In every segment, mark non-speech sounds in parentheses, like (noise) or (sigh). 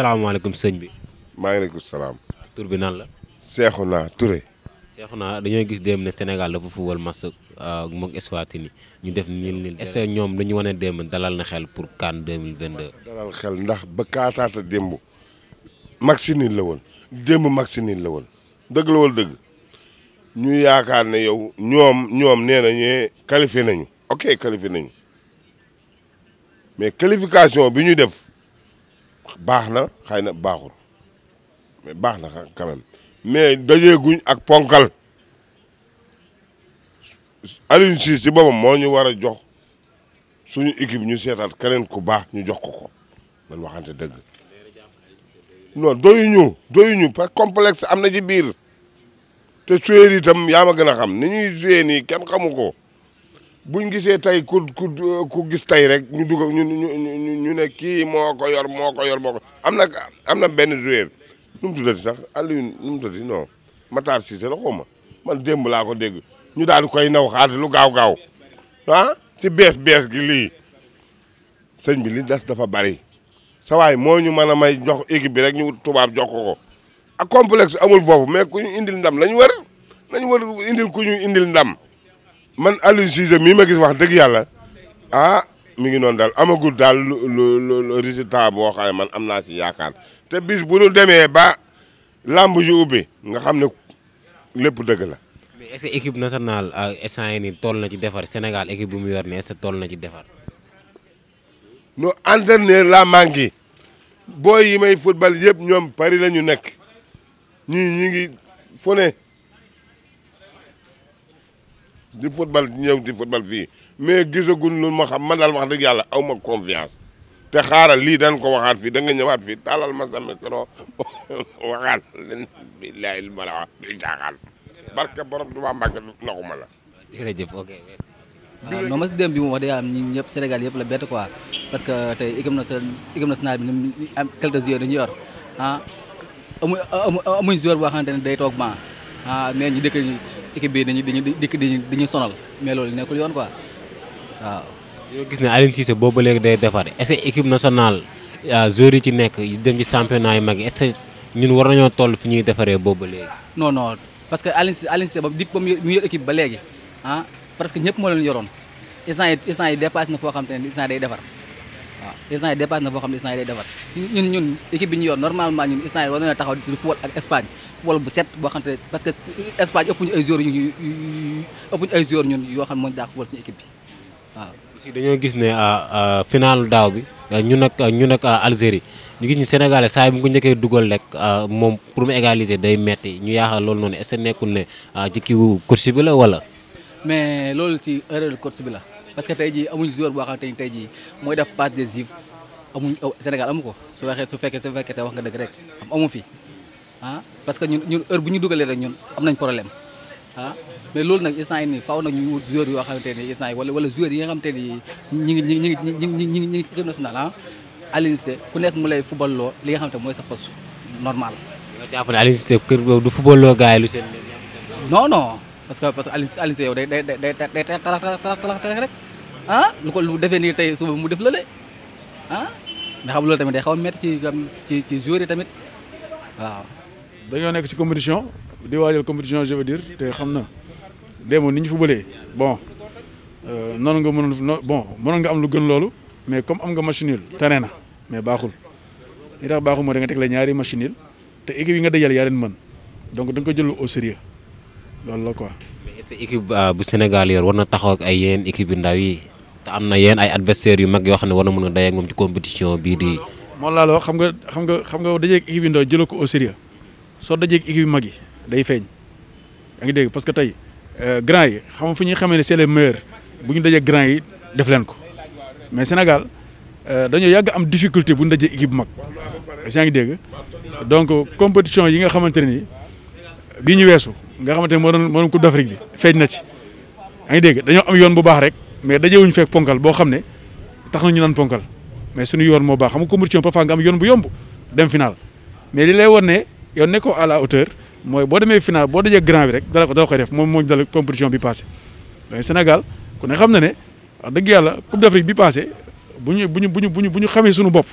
salaamaaleykum sëñ bi. maaleykum salaam. tur la seexu la. ture Touré. naa dañoo gis démb ne Sénégal dafa fuwal match euh, moog Eswatini ñu def niil niil. est ñoom lu wane démb dalal na xel pour CAN 2022. dalal xel ndax ba kaataata démb match nul la woon démb match la woon dëgg la ñu yaakaar ne yow ñoom ñoom nee nañu qualifié nañu ok qualifié nañu mais qualification bi ñu def. baax na xëy na baaxul mais baax na quand même mais dajeeguñ ak ponkal Aliou Cissé boppam moo ñu war a jox suñu équipe ñu seetaat keneen ku baax ñu jox ko ko man waxante dëgg non doyuñu doyuñu parce que complexe am na ci biir te joueurs itam yaa ma gën a xam ni ñuy jouer nii kenn ko. buñ gisee tey ku ku ku gis tey rek ñu dugal ñu ñu ne kii moo ko yor moo ko yor moo ko am na am na benn joueur nu mu tuddati sax Alioune nu mu tuddati non Matar Cissé la xaw ma man démb laa ko dégg ñu daal di koy naw xaalis lu gaaw gaaw ah ci bees bees gi lii sëñ bi li des dafa bari sa moo ñu mën a may jox équipe bi rek ñu tubaab jox ko ko ak amul foofu mais ku ñu indil ndam lañu war nañu war indil ku ñu indil ndam. man Aliou Cissé mii ma gis wax dëgg yàlla ah mi ngi noonu daal amagul daal lu lu résultat boo xam man am naa ci yaakaar te bis bu ñu demee ba làmb ju ubbi nga xam ne lépp dëgg la. mais est-ce que équipe nationale euh, instant nii toll na ci defar Sénégal équipe bu mu yor ne est-ce que toll na ci defar. no entraîneur la manqué booy yi may football yëpp ñoom Paris la ñu nekk ñii ñi ngi fu ne di football ñëw di football fii mais gisagul lu ma xam man daal wax dëgg yàlla aw ma confiance te xaaral lii dañ ko waxaat fii da ñëwaat fii taalal ma sa micro (laughs) waxaat leen billaahi li ma la wax di jaaxal barke la. jërëjëf ok merci. waaw ah, non mas dem wax dëgg yàlla ñun ñëpp Sénégal yëpp la bett quoi parce que te équipe nationale équipe nationale bi ni am quelques joueurs dañu ah amuñ amuñ joueur boo ne day toog ban ah, équipe bi dañu dañu di dañu sonal mais loolu nekkul yoon quoi waaw. yoo gis ne Aliou boobu léegi day defar est-ce que équipe nationale euh, joueurs ci nekk yi dem ci championnat yu mag yi est ñun war nañoo toll fi ñuy defaree boobu léegi. non non parce que Aliou Cissé Aliou Cissé ba di ba mu yor équipe ba léegi ah, parce que ñëpp moo leen yoroon instant yi instant yi dépassé na foo xam te ne day defar. waaw Ismaël dépassé na foo xam ne Ismaël day defar ñun ñun équipe bi ñu yor normalement ñun Ismaël war na taxaw di football ak Espagne football bu set boo xam te parce que Espagne ëpp ñu ay joueurs ñu ñun yoo xam ne moo ñu daax football suñu équipe dañoo gis ne ah, ah, finalu daaw bi ah, ñun ak ñun ak Algérie ñu gis ñu Sénégalais saa yi mu njëkkee dugal rek moom pour mu égaliser day metti ñu yaakaar loolu noonu est-ce que nekkul ne ci kiwu course bi la wala mais loolu ci erreur course bi la parce que tey jii amuñ joueur boo xam ne tey jii mooy def passe décisive amuñ oh, Sénégal amu ko su su fekkee su fekkee te wax nga dëgg rek amu fi ah parce que ñun ñun heure bu ñu dugalee rek ñun am nañ problème ah mais loolu nag instant yi nii faaw nag ñu wut joueur yoo xamante ne instant yi wala wala joueur yi nga xamante ni ñi ngi ñi ngi ñi ngi ñi ngi ñi ngi ci équipe nationale ah Aliou Cissé ku nekk mu lay football loo li nga xamante mooy sa poste normal. nga jàpp ne Aliou Cissé kër du football loo gars yi lu seen. non non. parce que parce que Alioune Alioune Seye yow day day day day talax talax talax rek ah lu ko defee nii tey suba mu def la le ah xam loolu tamit day xaw a métti ci ci ci joueur yi tamit waaw. dañoo nekk ci compétition di waajal compétition je veux te xam na démb ni ñu fubalee bon euh, noonu nga mënoon bon mënoon nga am lu gën loolu mais comme am nga machine nul tane na mais baaxul li tax baaxul mooy da nga ñaari machine nul te équipe yi nga dajale yaa leen mën donc da nga ko jël au sérieux loolu la quoi. mais est euh, bu Sénégal yor war na taxaw ak ay yeneen équipe yu ndaw yi te am na yenn ay adversaires yu mag yoo xam ne war na mën a dayee ak moom ci compétition bii di. moo laa xam nga xam nga xam nga dajeeg équipe yu soo dajeeg équipe yu mag yi day feeñ yaa ngi dégg parce que tey euh, grand yi xam nga fu ñuy xamee ne c'est les bu ñu dajeeg grand yi def leen ko mais Sénégal euh, dañoo yàgg am difficulté bu ñu dajeeg équipe mag yaa ngi dégg donc compétition yi nga xamante bii ñu weesu nga xamante ne moo doon moo doon Coupe d'Afrique bi feeñ na ci yaa ngi dégg dañoo am yoon bu baax rek mais dajewuñu feek ponkal boo xam ne tax na ñu ponkal mais suñu yoon moo baax xam nga compétition parfois nga am yoon bu yomb dem final mais li lay wan ne ko nekkoo à la hauteur mooy boo demee final boo dajee grand bi rek dala ko dala koy def moom moo dala compétition bi passé mais Sénégal ku ne xam na ne wax dëgg yàlla Coupe d'Afrique bi passé bu ñu bu ñu bu ñu bu ñu xamee suñu bopp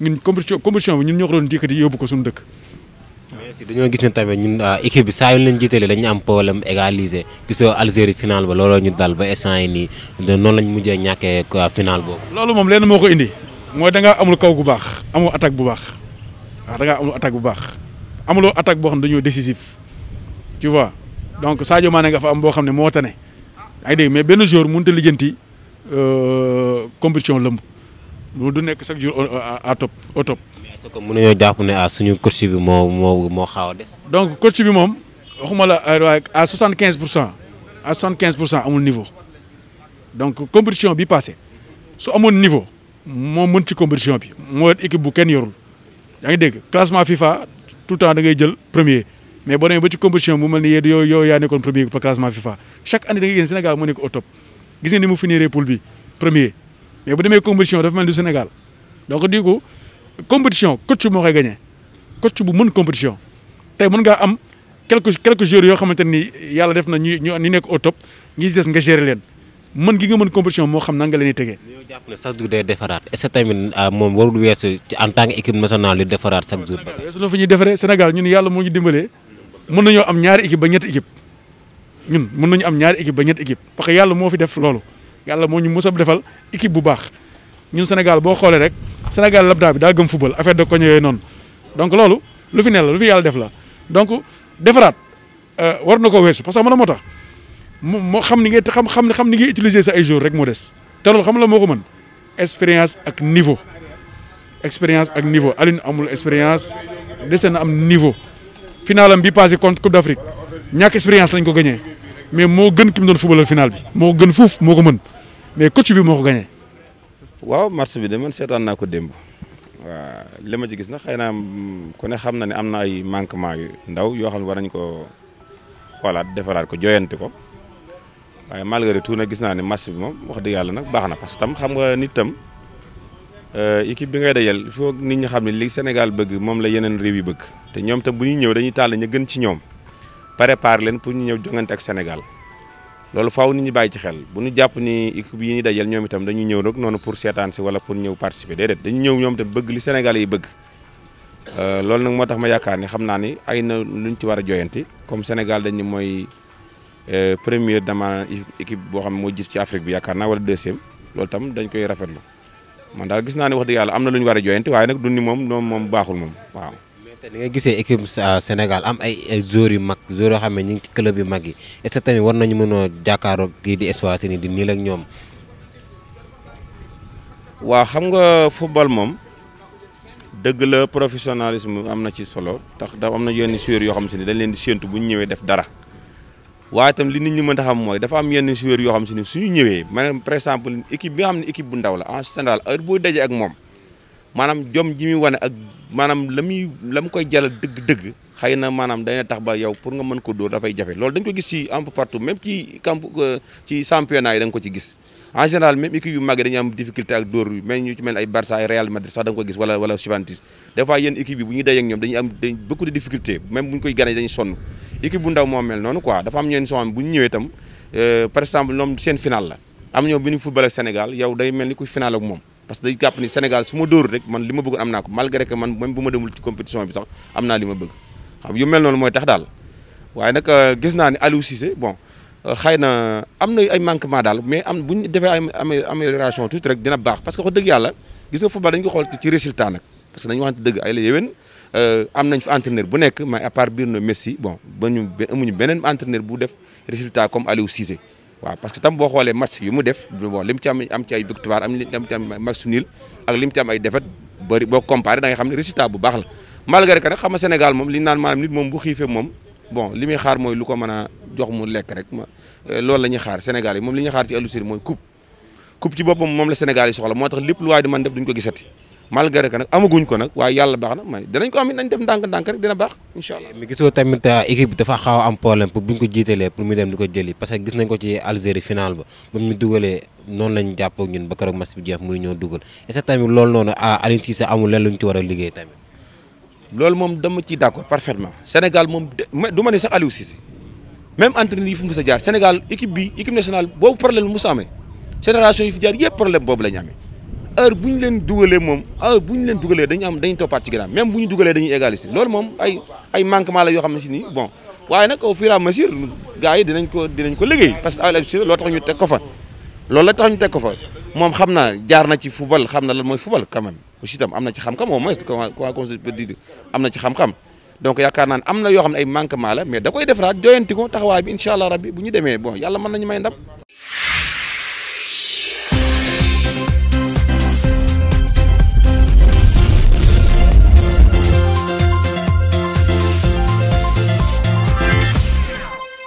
ñun compétition compétition bi ñun ñoo doon yëkkati yóbbu ko suñu dëkk mais si dañoo gis ne tamit ñun ah, équipe bi saa yu leen jiitalee dañu am problème égalisé gisoo Algérie final ba looloo ñu dal ba instant yi nii noonu lañ mujjee ñàkkee final boobu. loolu moom leen moo ko indi mooy da ngaa amul kaw bu baax amul attaque bu baax waaw ah, da ngaa amul attaque baax amuloo attaque boo xam ne dañoo décisif tu vois donc Sadio Mané nga fa am boo xam ne moo tane yaa dégg mais benn jour mun a lijjanti euh, compétition lëmb du nekk chaque jour à top parce que mën nañoo jàpp ne ah suñu coach bi moo moo moo a des. donc coach bi moom waxuma la euh, waaye à 75 pour cent à 75 pour cent amul niveau donc compétition bi passé soo amoon niveau moo mën ti compétition bi moo yor bu kenn yorul yaa ngi dégg classement FIFA tout le temps da ngay jël premier mais boo demee ba ci compétition bu mel ni yéen yow yow yaa nekkoon premier par classement FIFA chaque année da ngay génn Sénégal moo nekk au top mu finiree poule bi premier mais bu demee compétition dafa mel ni compétition coach moo koy gagné coach bu mën compétition tey mën ngaa am quelques quelques joueurs yoo xamante ni yàlla def na ñu ñu nekk au top ñi des nga gérer leen mën ngi nga mën compétition moo xam nan nga leen di tegee. ñoo jàpp ne chaque jour day defaraat est euh, moom warul weesu ci en tant que équipe nationale di defaraat chaque jour. weesu na fi ñuy defaree Sénégal ñun yàlla moo ñu dimbalee mën nañoo am ñaari équipe ba ñetti équipe ñun mën nañu am ñaari équipe ba ñetti équipe que yàlla moo fi def loolu yàlla moo ñu mos a defal bu baax. ñun Sénégal boo xoolee rek Sénégal labda bi daa gëm football affaire de koñ yooyu noonu donc loolu lu fi ne la lu fi yàlla def la donc defaraat euh, war na ko weesu parce que xam na moo tax moo xam ni ngay xam xam xam ni ngay utiliser sa ay jours rek moo des te loolu xam la moo ko mën expérience ak niveau expérience ak niveau Alioune amul expérience dese na am niveau finalam bi passé contre Coupe d'Afrique ñàkk expérience lañ ko gagné mais moo gën ki mu doon footballal final bi moo gën fuuf moo ko mën mais coach bi moo ko gagné waaw match bi de man seetaan naa ko démb waaw li ma ci gis nag xëy naa mm, ku xam na ne am na ay manquement yu ndaw yoo xam ne war nañ ko xoolaat defaraat ko joyanti ko waaye malgré tout nag gis naa ne match bi moom wax dëgg yàlla nag baax na parce que tam xam nga nit tam euh, équipe bi ngay dajal il faut nit ñi xam ne li Sénégal bëgg moom la yeneen réew yi bëgg te ñoom tam bu ñuy ñëw dañuy tàll ñu gën ci ñoom préparer leen pour ñu ñëw jongante ak Sénégal loolu faaw nit ñi bàyyi ci xel bu ñu jàpp ni équipe yi ñuy dajal ñoom itam dañuy ñëw rek noonu pour seetaan si wala pour ñëw participer déedéet dañu ñëw ñoom itam bëgg li Sénégalais yi bëgg euh, loolu nag moo tax ma yaakaar ni xam naa ni ay na luñ ci war a joyanti comme Sénégal dañ ni mooy euh, première dama équipe boo xam moo jiitu ci Afrique bi yaakaar naa wala deuxième loolu tam dañ koy rafetlu man daal gis naa ne wax dëgg yàlla am na lu ñu war a joyanti waaye nag duñ ni moom moom baaxul moom waaw te ni nga gisee équipe Sénégal am ay joueurs yu mag joueurs yoo xam ne ñu ngi ci club yu mag yi est-ce que tamit war nañu mën a jàkkaaroo kii di Eswatini di niil ak ñoom. waaw xam nga football moom dëgg la professionnalisme am na ci solo tax da am na yenn joueurs xam si ne dañ leen di séentu bu ñu ñëwee def dara. waaye itam li nit ñi mën a xam mooy dafa am yenn joueurs yoo xam si ne suñu ñëwee man par exemple équipe bi nga xam ne équipe bu ndaw la en général heure boo dajee ak moom. maanaam jom ji muy wane ak maanaam la muy la mu koy jalal dëgg-dëgg xëy na maanaam dana tax ba yow pour nga mën ko dóor dafay jafe loolu dañ ko gis ci un peu partout même ci camp euh, ci ko ci gis en général même équipe yu am difficulté ak dóor ñu ci mel ay Barça ay Real Madrid sax wala wala Juventus des fois yéen équipe yi bu ñuy dajee ak ñoom dañuy am dañ beaucoup de difficulté même bu mel noonu quoi dafa am ñeen soxam bu ñu ñëwee itam euh, par exemple ñoom seen final la am ñoom bi ñu football ak Sénégal yow day mel ni ku final ak moom parce que day jàpp ni Sénégal su ma man li ma bëggoon am naa ko malgré que man même bu ma demul ci compétition bi sax am naa li ma bëgg xam yu mel noonu mooy tax daal waaye nag euh, gis naa ni Aliou Cissé bon euh, xëy na am na ay manquement daal mais am bu ñu defee ay amélioration tuuti rek dina baax parce que wax dëgg yàlla gis nga ba dañ ko xool ci résultat nag parce que dañu waxante dëgg ay la euh, am nañ fa entraîneur bu nekk mais à part Bruno Metsu bon ba ñu amuñu beneen entraîneur bu def résultat comme Aliou waaw parce que tam boo xoolee match yu mu def bon li mu ci am ci ay victoire am li ci am match nul ak li ci am ay défaite boo comparé da nga xam ne résultat bu baax la malgré que nag xam Sénégal moom li naan maanaam nit moom bu xiifee moom bon li muy xaar mooy lu ko mën a jox mu lekk rek ma euh, loolu la ñuy xaar Sénégal yi moom li ñuy xaar ci Aliou Cissé mooy coupe ci boppam moom la Sénégal yi soxla moo tax lépp lu waay di mën def duñ ko gisati malgré que nag ko nag waaye yàlla baax na may dinañ ko am it nañ def ndànk-ndànk rek dina baax incha allah. Eh, mi gisoo tamit euh, équipe bi dafa xaw am problème pour bu ñu ko jiitalee pour mu dem di ko jëli parce que ci Algérie final ba ba mu dugalee noonu lañ jàppoo ñun ba keroog match euh, a Sénégal moom du ma ne sax Aliou Cissé même entraîneur yi fi mu jaar Sénégal équipe bi équipe nationale boobu problème bi mu sa amee yi fi jaar yëpp problème boobu la ñu heure bu ñu leen dugalee moom heure bu leen dugalee dañu am dañu toppaat ci ginnaaw même bu ñu dugalee dañuy égaliser loolu moom ay ay manquement yoo xam ne bon waaye nag au fur et à mesure gars ko ko liggéey parce que al Hadj loo tax ñu teg ko fa. loolu xam naa jaar na ci football xam na lan mooy football quand même aussi na ci xam-xam au na ci xam-xam. donc yaakaar naa ne am na yoo xam ne ay manquement la mais da koy defaraat doyanti ko taxawaay bi incha allah rabbi bu ñu demee bon yàlla mën nañu may ndam.